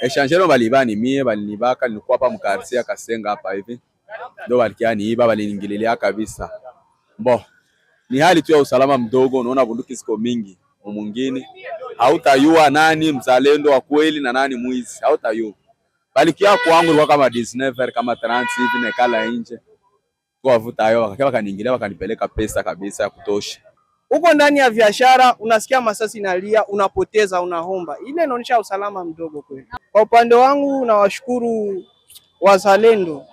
Echanjero balibanimie balinibaka, nilikuwa hapa mkarsia Kasenga hapa hivi ndio balikianiiba baliniingililia kabisa. mbo ni hali tu ya usalama mdogo, unaona bunduki ziko mingi mwingine, hautayua nani mzalendo wa kweli na nani mwizi, hautayua. bali kia kwangu ilikuwa kama disnever kama trans hivi, nekala nje kwa vuta hayo, wakaniingilia wakanipeleka pesa kabisa ya kutosha uko ndani ya biashara, unasikia masasi nalia, unapoteza, unaomba. Ile inaonyesha usalama mdogo kweli. Kwa upande wangu nawashukuru wazalendo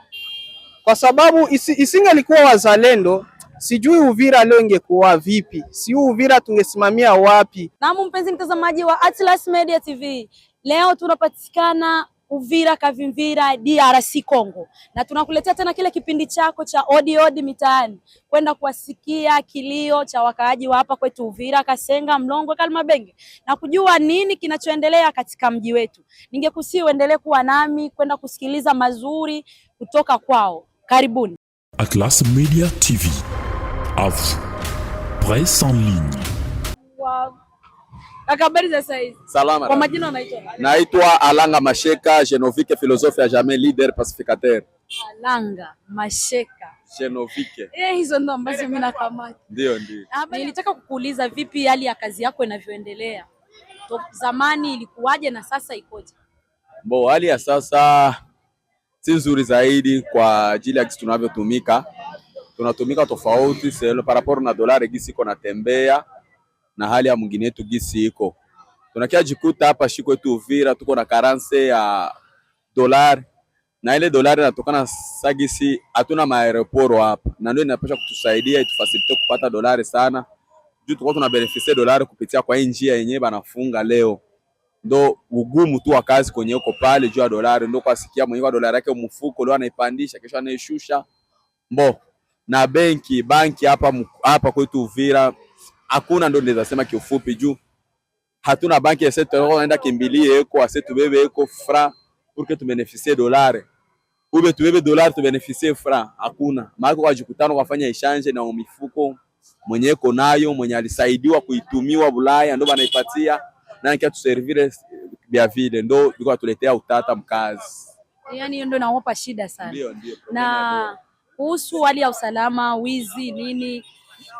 kwa sababu isi, isingelikuwa wazalendo sijui Uvira leo ingekuwa vipi? Si Uvira tungesimamia wapi? Naam, mpenzi mtazamaji wa Atlas Media TV, leo tunapatikana Uvira Kavimvira, DRC Congo, na tunakuletea tena kile kipindi chako cha odi odi mitaani kwenda kuwasikia kilio cha wakaaji wa hapa kwetu Uvira, Kasenga, Mlongwe, Kalmabenge na kujua nini kinachoendelea katika mji wetu. Ningekusii uendelee kuwa nami kwenda kusikiliza mazuri kutoka kwao. Karibuni Atlas Media TV, Avu, Presse en ligne Habari za saizi. Salama. Kwa majina unaitwa? Naitwa Alanga Masheka Genovike philosophe ya jamais leader pacificateur. Alanga Masheka Genovike. Eh, hizo ndo ambazo mimi nakamata. Ndio, ndio. Ah, nilitaka kukuuliza vipi hali ya kazi yako inavyoendelea? Zamani ilikuwaje na sasa ikoje? Mbo, hali ya sasa si nzuri zaidi kwa ajili ya kisi tunavyotumika. Tunatumika tofauti selo par rapport na dolari gisi iko natembea na hali ya mwingine yetu gisi iko tunakia jikuta hapa shiko yetu Uvira tuko na karanse ya dolari na ile dolari inatokana sagisi, hatuna maeroporo hapa, na ndio inapasha kutusaidia itufasilite kupata dolari sana, juu tuko tuna tunabenefisia dolari kupitia kwa hii njia yenyewe banafunga leo. Ndo ugumu tu wa kazi kwenye huko pale juu ya dolari, ndo kwasikia kwa dolari yake mfuko leo anaipandisha, kesho anaishusha mbo na benki banki hapa hapa kwetu Uvira hakuna, ndo ndeza sema kiufupi juu hatuna banki yese tunaenda kimbilie eko ase tubebe eko fra purke tubenefisie dolare ube tubebe dolare tubenefisie fra, hakuna maana kwa jikutano kufanya exchange na mifuko mwenye eko nayo mwenye alisaidiwa kuitumiwa Bulaya ndo banaipatia na kia tuservire bia vile, ndo biko atuletea utata mkazi, yani ndo nawapa shida sana. Ndio, ndio, na kuhusu hali ya usalama, wizi nini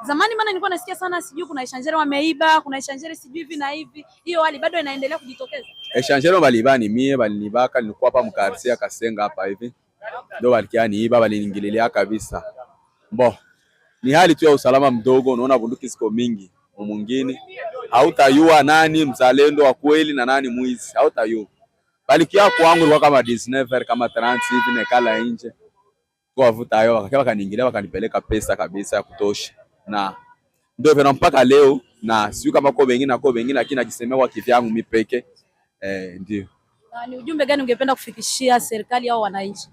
Zamani maana nilikuwa nasikia sana sijui kuna echangeru wameiba, kuna eshanjere sijui hivi na hivi. Hiyo hali bado inaendelea kujitokeza. Echangeru baliiba ni mie, balinibaka, nilikuwa hapa mkarsia Kasenga hapa hivi. Ndio balikia ni iba baliniingililia kabisa. Mbo. Ni hali tu ya usalama mdogo, unaona bunduki ziko mingi. Mwingine hautayua nani mzalendo wa kweli na nani mwizi, hautayua. kia kwangu ilikuwa kama disnever kama trans hivi nekala nje. Kwa vuta yao, wakaniingilia wakanipeleka pesa kabisa ya kutosha na ndio vile mpaka leo, na siyo kama kwa wengine na kwa wengine, lakini najisemewa kwa kivyangu mimi peke eh, ndio. Na ni ujumbe gani ungependa kufikishia serikali au wananchi?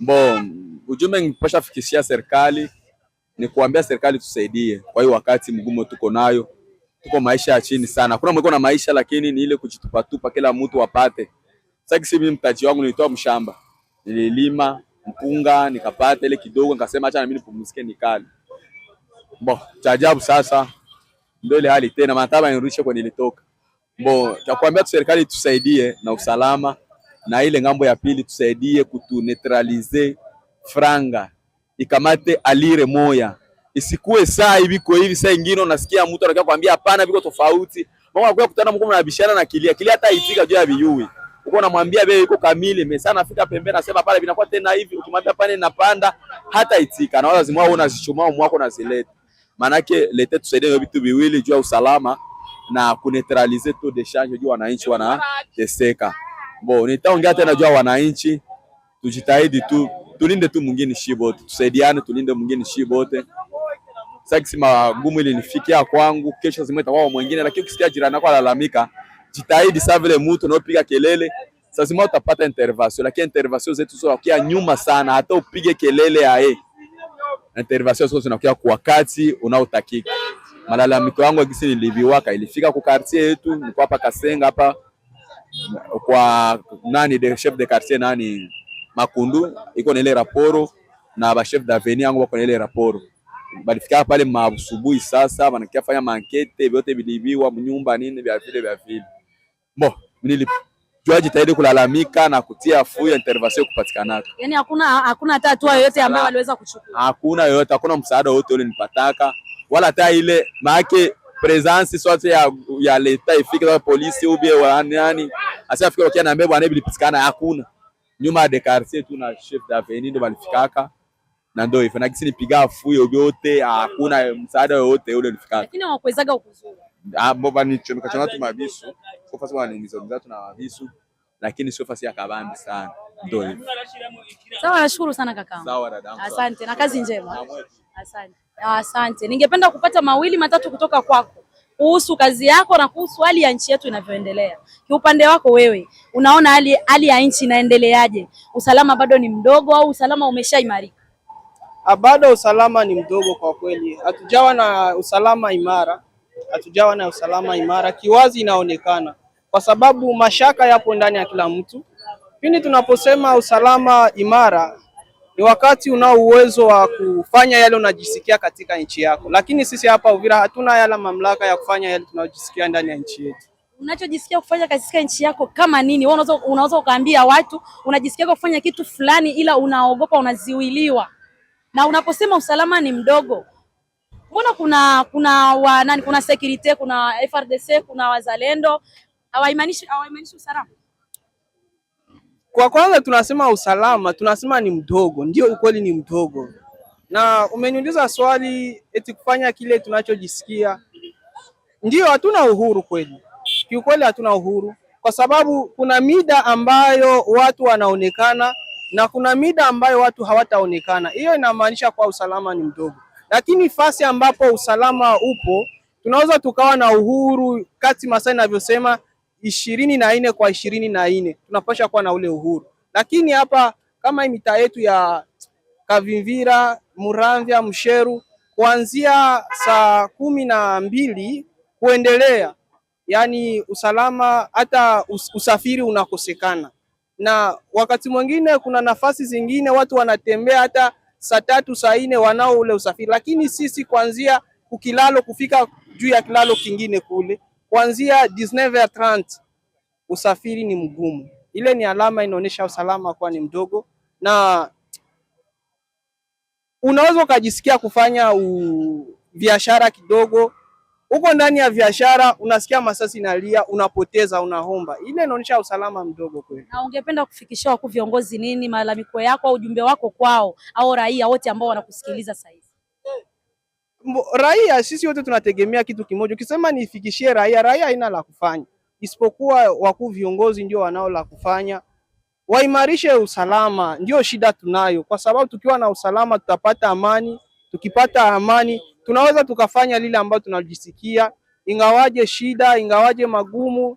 Mbo, ujumbe ningepasha kufikishia serikali ni kuambia serikali tusaidie kwa hiyo wakati mgumu tuko nayo, tuko maisha ya chini sana. Kuna mwiko na maisha, lakini ni ile kujitupatupa, kila mtu apate. Sasa kisi mimi mtaji wangu nilitoa mshamba, nililima mpunga nikapata ile kidogo, nikasema acha na mimi nipumzike nikali Bo, cha ajabu sasa ndio ile hali tena, mataba yanirudisha kwa nilitoka. Bo, takwambia tu serikali tusaidie na usalama na ile ngambo ya pili tusaidie kutu neutralize franga ikamate alire moya, isikue saa hivi kwa hivi. Saa nyingine unasikia mtu anakuwa kwambia hapana, viko tofauti, Mbona unakuja kutana mko mnabishana na kilia kilia, hata itika juu ya vijui uko unamwambia bei iko kamili, mesa nafika pembeni anasema pale vinakuwa tena hivi, ukimwambia pale napanda hata itika, na wao lazima wao unazichomoa mwako na zileta manake lete tusaidie hiyo vitu viwili juu ya usalama na kunetralize tu dechange juu wananchi wanateseka. Bo, nitaongea tena juu ya wananchi, tujitahidi tu tulinde tu mwingine shibote, tusaidiane tulinde mwingine shibote. Sasa kisema gumu ile nifikia kwangu, kesho zimwe wao mwingine, lakini ukisikia jirani yako alalamika, jitahidi sasa vile mtu unaopiga kelele sasa lazima utapata intervention, lakini intervention zetu zinakuwa nyuma sana, hata upige kelele aye na intervention ziko zinakuwa kwa wakati unaotakika. Malalamiko yangu gisi niliviwaka ilifika kwa quartier yetu, niko hapa Kasenga hapa kwa nani de chef de quartier nani Makundu iko na ile raporo na ba chef d'avenir yangu wako na ile raporo balifika pale mabusubuhi sasa, banakia mankete vyote bilibiwa mnyumba nini vya vile vya vile bo nilipo ajitahidi kulalamika na kutia fuya intervention kupatikanaka. Yani hakuna hakuna hata hatua yoyote ambayo waliweza kuchukua. Hakuna yoyote, hakuna msaada wote ule nipataka wala hata ile maake presence sote ya ya leta ifike kwa polisi ubie wa nani asiafike wakia na mbebwa na bilipatikana hakuna. Nyuma ya quartier tu na chef d'avenue ndo balifikaka na ndo hivyo na kisi nipiga fuya yote, hakuna msaada wote ule nifika. Lakini hawakuwezaga kukuzuru. Ah, mbona nichomeka chana tu mabisu. Focus bwana ni hizo mzatu na visu, lakini sio fasi ya kabambi sana. Ndio hivyo. Sawa, nashukuru sana kaka. Sawa dadamu. Asante na kazi njema. Asante. Asante. Ningependa kupata mawili matatu kutoka kwako kuhusu kazi yako na kuhusu hali ya nchi yetu inavyoendelea. Kiupande wako wewe, unaona hali hali ya nchi inaendeleaje? Usalama bado ni mdogo au usalama umeshaimarika? Ah, bado usalama ni mdogo kwa kweli, hatujawa na usalama imara hatujawa na usalama imara, kiwazi inaonekana, kwa sababu mashaka yapo ndani ya kila mtu. Pindi tunaposema usalama imara ni wakati unao uwezo wa kufanya yale unajisikia katika nchi yako, lakini sisi hapa Uvira hatuna yala mamlaka ya kufanya yale tunayojisikia ndani ya nchi yetu. Unachojisikia kufanya katika nchi yako kama nini? Wewe unaweza unaweza ukaambia watu unajisikia kufanya kitu fulani, ila unaogopa, unaziwiliwa. Na unaposema usalama ni mdogo, mbona kuna kuna wa, nani, kuna security kuna FRDC kuna wazalendo hawaimanishi hawaimanishi usalama. Kwa kwanza tunasema usalama, tunasema ni mdogo, ndio ukweli ni mdogo. Na umeniuliza swali eti kufanya kile tunachojisikia, ndio hatuna uhuru kweli, kiukweli hatuna uhuru kwa sababu kuna mida ambayo watu wanaonekana na kuna mida ambayo watu hawataonekana. Hiyo inamaanisha kwa usalama ni mdogo lakini fasi ambapo usalama upo tunaweza tukawa na uhuru kati masaa inavyosema ishirini na nne kwa ishirini na nne tunapasha kuwa na ule uhuru, lakini hapa kama mitaa yetu ya Kavimvira, Muramvya, Msheru kuanzia saa kumi na mbili kuendelea, yaani usalama hata usafiri unakosekana, na wakati mwingine kuna nafasi zingine watu wanatembea hata saa tatu saa nne wanao ule usafiri, lakini sisi kuanzia ukilalo kufika juu ya kilalo kingine kule kuanzia 19:30 usafiri ni mgumu. Ile ni alama inaonyesha usalama kuwa ni mdogo, na unaweza ukajisikia kufanya u... biashara kidogo Uko ndani ya biashara unasikia masasi nalia, unapoteza, unaomba. Ile inaonyesha usalama mdogo kweli. Na ungependa kufikishia wakuu viongozi nini, malalamiko yako au ujumbe wako kwao au raia wote ambao wanakusikiliza sasa hivi? Raia sisi wote tunategemea kitu kimoja, ukisema niifikishie raia, raia haina la kufanya isipokuwa wakuu viongozi ndio wanao la kufanya. Waimarishe usalama, ndio shida tunayo, kwa sababu tukiwa na usalama tutapata amani tukipata amani, tunaweza tukafanya lile ambalo tunajisikia, ingawaje shida, ingawaje magumu,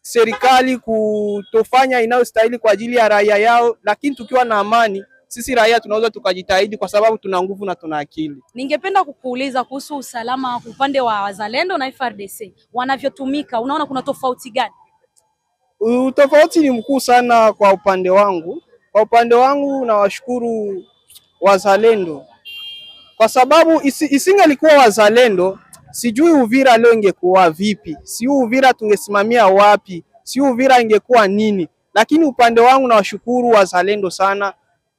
serikali kutofanya inayostahili kwa ajili ya raia yao, lakini tukiwa na amani sisi raia tunaweza tukajitahidi kwa sababu tuna nguvu na tuna akili. Ningependa kukuuliza kuhusu usalama upande wa wazalendo na FRDC wanavyotumika, unaona kuna tofauti gani? Utofauti ni mkuu sana kwa upande wangu. Kwa upande wangu nawashukuru wazalendo kwa sababu isi, isingelikuwa wazalendo, sijui Uvira leo ingekuwa vipi, si Uvira tungesimamia wapi, si Uvira ingekuwa nini. Lakini upande wangu nawashukuru wazalendo sana,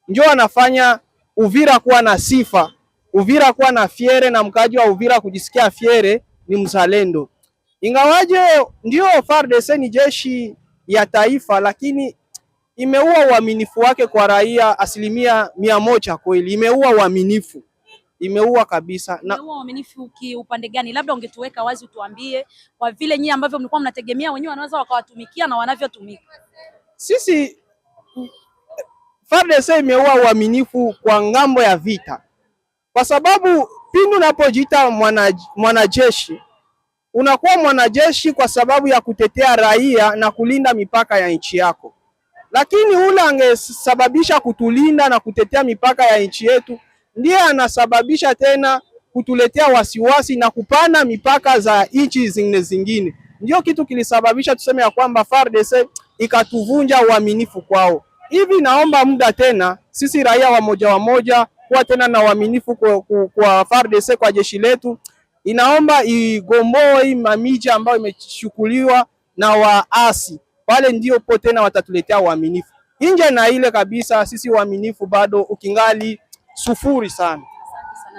ndio wanafanya Uvira kuwa na sifa, Uvira kuwa na fiere, na mkaji wa Uvira kujisikia fiere ni mzalendo. Ingawaje ndio FARDC ni jeshi ya taifa, lakini imeua uaminifu wake kwa raia asilimia mia moja. Kweli imeua uaminifu imeua kabisa. Na imeua uaminifu upande gani? Labda ungetuweka wazi, utuambie kwa vile nyinyi ambavyo mlikuwa mnategemea wenyewe wanaweza wakawatumikia na wanavyotumika. Sisi FARDC imeua uaminifu kwa ngambo ya vita, kwa sababu pindi unapojiita mwanajeshi mwana unakuwa mwanajeshi kwa sababu ya kutetea raia na kulinda mipaka ya nchi yako, lakini ule angesababisha kutulinda na kutetea mipaka ya nchi yetu ndiye anasababisha tena kutuletea wasiwasi na kupana mipaka za nchi zingine zingine. ndio kitu kilisababisha tuseme ya kwamba FARDC ikatuvunja uaminifu kwao. Hivi naomba muda tena sisi raia wa moja wa moja kuwa tena na uaminifu kwa, kwa, FARDC kwa jeshi letu, inaomba igomboe mamiji ambayo imechukuliwa na waasi pale, ndiopo tena watatuletea uaminifu. Inje na ile kabisa, sisi uaminifu bado ukingali sufuri sana.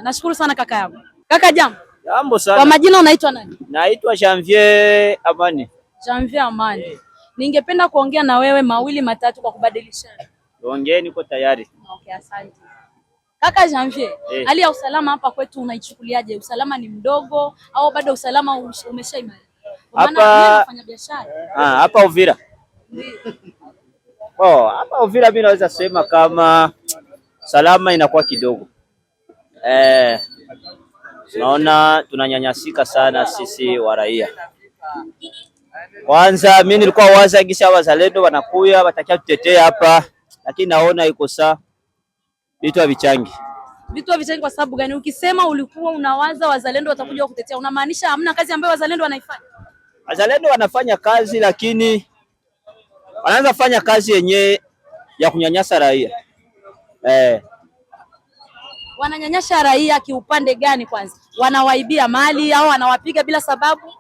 Nashukuru sana kaka yangu. Kaka jambo. Jambo sana. Kwa majina unaitwa nani? Naitwa Janvier Amani. Janvier Amani. Hey. Ningependa kuongea na wewe mawili matatu kwa kubadilishana. Ongea, niko tayari. Okay, asante. Kaka Janvier, hey. Eh. Hali ya usalama hapa kwetu unaichukuliaje? Usalama ni mdogo au bado usalama umeshaimarika? Hapa biashara. Ah, hapa Uvira. Oh, hapa Uvira mimi naweza sema kama salama inakuwa kidogo eh, tunaona tunanyanyasika sana sisi wa raia. Kwanza mimi nilikuwa waza kisha wazalendo wanakuya watakia tutetea hapa, lakini naona iko saa vitu havichangi vitu havichangi. Kwa sababu gani? Ukisema ulikuwa unawaza wazalendo watakuja kutetea, unamaanisha hamna kazi ambayo wazalendo wanaifanya? Wazalendo wanafanya kazi, lakini wanaanza fanya kazi yenye ya kunyanyasa raia eh. Wananyanyasha raia kiupande gani? Kwanza wanawaibia mali au wanawapiga bila sababu?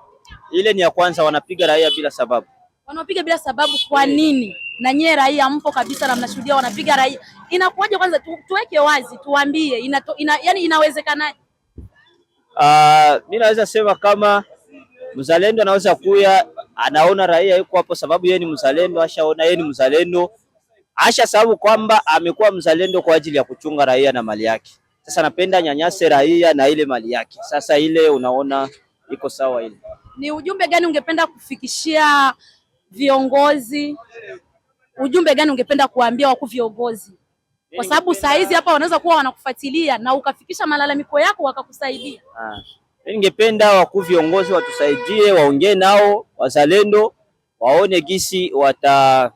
Ile ni ya kwanza, wanapiga raia bila sababu. Wanawapiga bila sababu kwa nini? Na nyie raia mpo kabisa na mnashuhudia wanapiga raia, inakuwaje? Kwanza tu, tuweke wazi, tuambie ina, ina, yani inawezekanaje? Uh, ah, mi naweza sema kama mzalendo anaweza kuya anaona raia yuko hapo, sababu yeye ni mzalendo, ashaona yeye ni mzalendo, Asha sababu kwamba amekuwa mzalendo kwa ajili ya kuchunga raia na mali yake. Sasa napenda nyanyase raia na ile mali yake. Sasa ile unaona iko sawa ile. Ni ujumbe gani ungependa kufikishia viongozi? Ujumbe gani ungependa kuambia wakuu viongozi? Kwa sababu saa hizi hapa wanaweza kuwa wanakufuatilia na ukafikisha malalamiko yako wakakusaidia. Ah. Ningependa wakuu viongozi watusaidie, waongee nao wazalendo, waone gisi wata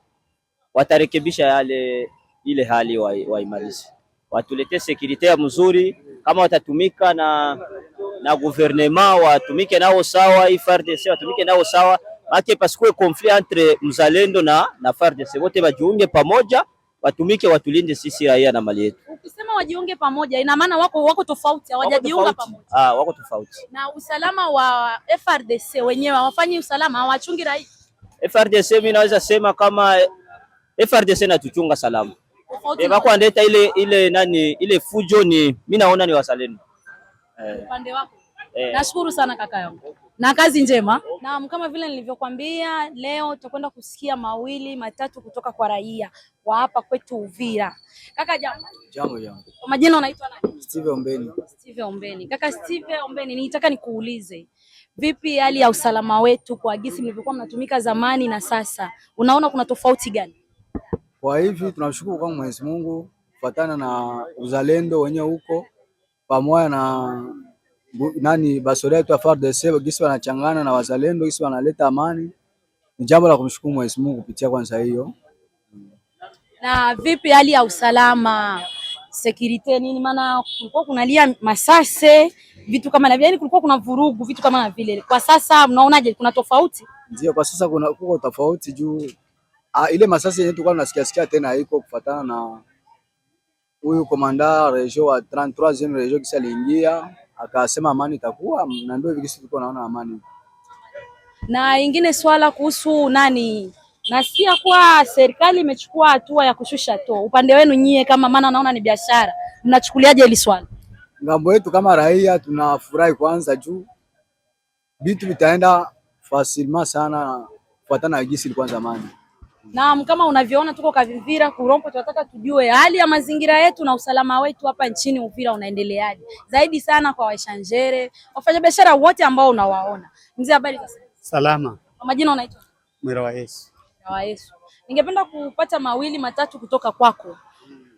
watarekebisha yale ile hali waimarishe, watuletee sekurite mzuri. Kama watatumika na na guvernema watumike nao sawa, FARDC watumike nao sawa, make pasikuwe konflit entre mzalendo na na FARDC, wote wajiunge pamoja watumike watulinde sisi raia na mali yetu. Ukisema wajiunge pamoja, ina maana wako wako tofauti, hawajajiunga pamoja. Ah, wako tofauti. Na usalama wa FARDC wenyewe hawafanyi usalama, hawachungi raia. FARDC mimi naweza sema kama FRDC natuchunga salama. Eh, andeta ile ile nani ile fujo ni mimi naona ni wazalendo. Eh. Upande wako. Eh. Nashukuru sana kaka yangu na kazi njema. Naam, kama vile nilivyokuambia, leo tutakwenda kusikia mawili matatu kutoka kwa raia wa hapa kwetu Uvira. Kaka jambo. Jambo jambo. Kwa majina unaitwa nani? Steve Ombeni. Steve Ombeni. Kaka Steve Ombeni, nitaka nikuulize vipi hali ya usalama wetu kwa gisi mlivyokuwa mnatumika zamani na sasa, unaona kuna tofauti gani? Kwa hivi tunamshukuru kwa Mwenyezi Mungu kufatana na uzalendo wenye huko pamoja na nani basoda yetu ya FARDC gisi wanachangana na wazalendo gisi wanaleta amani, ni jambo la kumshukuru Mwenyezi Mungu kupitia kwanza hiyo. Na vipi hali ya usalama sekurite nini? Maana kulikuwa kunalia masase vitu kama na vile, kulikuwa kuna vurugu vitu kama na vile. Kwa sasa mnaonaje, kuna tofauti? Ndio, kwa sasa kuna kuko tofauti juu Ah, ile masasi yenyewe tulikuwa tunasikia sikia tena haiko kufatana na huyu komanda rejo wa 33e rejo kisa aliingia akasema amani itakuwa na ndio hivi kisi tulikuwa naona amani. Na ingine swala kuhusu nani nasikia kuwa serikali imechukua hatua ya kushusha to upande wenu nyie, kama maana naona ni biashara, mnachukuliaje hili swala? Ngambo yetu kama raia tunafurahi kwanza, juu vitu vitaenda fasilma sana kufuatana na jinsi ilikuwa zamani. Naam, kama unavyoona tuko Kavimvira Kurompo, tunataka tujue hali ya mazingira yetu na usalama wetu hapa nchini Uvira unaendeleaje, zaidi sana kwa waishanjere, wafanyabiashara wote ambao unawaona. Mzee, habari za salama? Kwa majina unaitwa Mwira wa Yesu? Wa Yesu, ningependa kupata mawili matatu kutoka kwako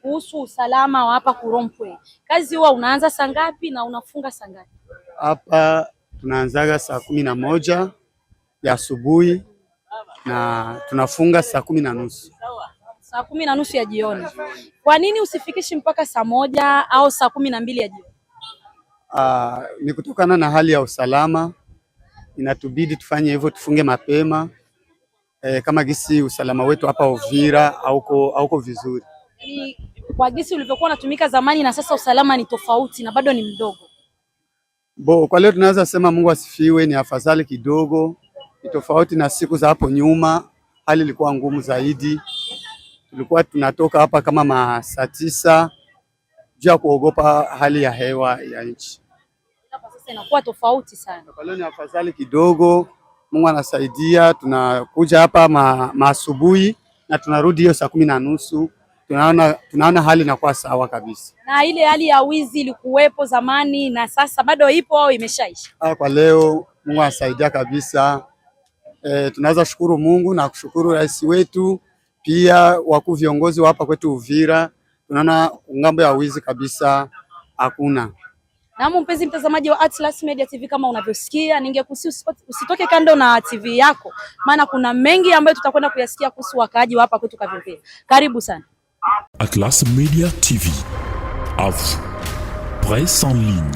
kuhusu usalama wa hapa Kurompwe. Kazi huwa unaanza saa ngapi na unafunga saa ngapi? Hapa tunaanzaga saa kumi na moja ya asubuhi na tunafunga saa kumi na nusu saa kumi na nusu ya jioni. Kwa nini usifikishi mpaka saa moja au saa kumi na mbili ya jioni? Uh, ni kutokana na hali ya usalama, inatubidi tufanye hivyo, tufunge mapema eh, kama gisi usalama wetu hapa Uvira hauko vizuri. kwa gisi ulivyokuwa unatumika zamani na sasa usalama ni tofauti na bado ni mdogo. Bo, kwa leo tunaweza sema Mungu asifiwe, ni afadhali kidogo ni tofauti na siku za hapo nyuma. Hali ilikuwa ngumu zaidi, tulikuwa tunatoka hapa kama masaa tisa juu ya kuogopa hali ya hewa ya nchi. Sasa inakuwa tofauti sana, ni afadhali kidogo. Mungu anasaidia, tunakuja hapa maasubuhi ma na tunarudi hiyo saa kumi na nusu. Tunaona, tunaona hali inakuwa sawa kabisa. Na ile hali ya wizi ilikuwepo zamani na sasa bado ipo au imeshaisha? Ah, kwa leo Mungu anasaidia kabisa. E, tunaweza shukuru Mungu na kushukuru rais wetu pia wakuu viongozi wa hapa kwetu Uvira, tunaona ngambo ya wizi kabisa hakuna. Na mpenzi mtazamaji wa Atlas Media TV, kama unavyosikia, ningekusi usitoke kando na TV yako, maana kuna mengi ambayo tutakwenda kuyasikia kuhusu wakaaji wa hapa kwetu Kavimpira. Karibu sana Atlas Media TV à vous presse en ligne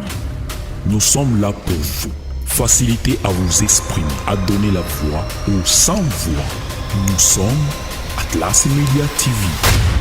nous sommes là pour vous facilité à vous exprimer, à donner la voix ou sans-voix. Nous sommes Atlas Media TV.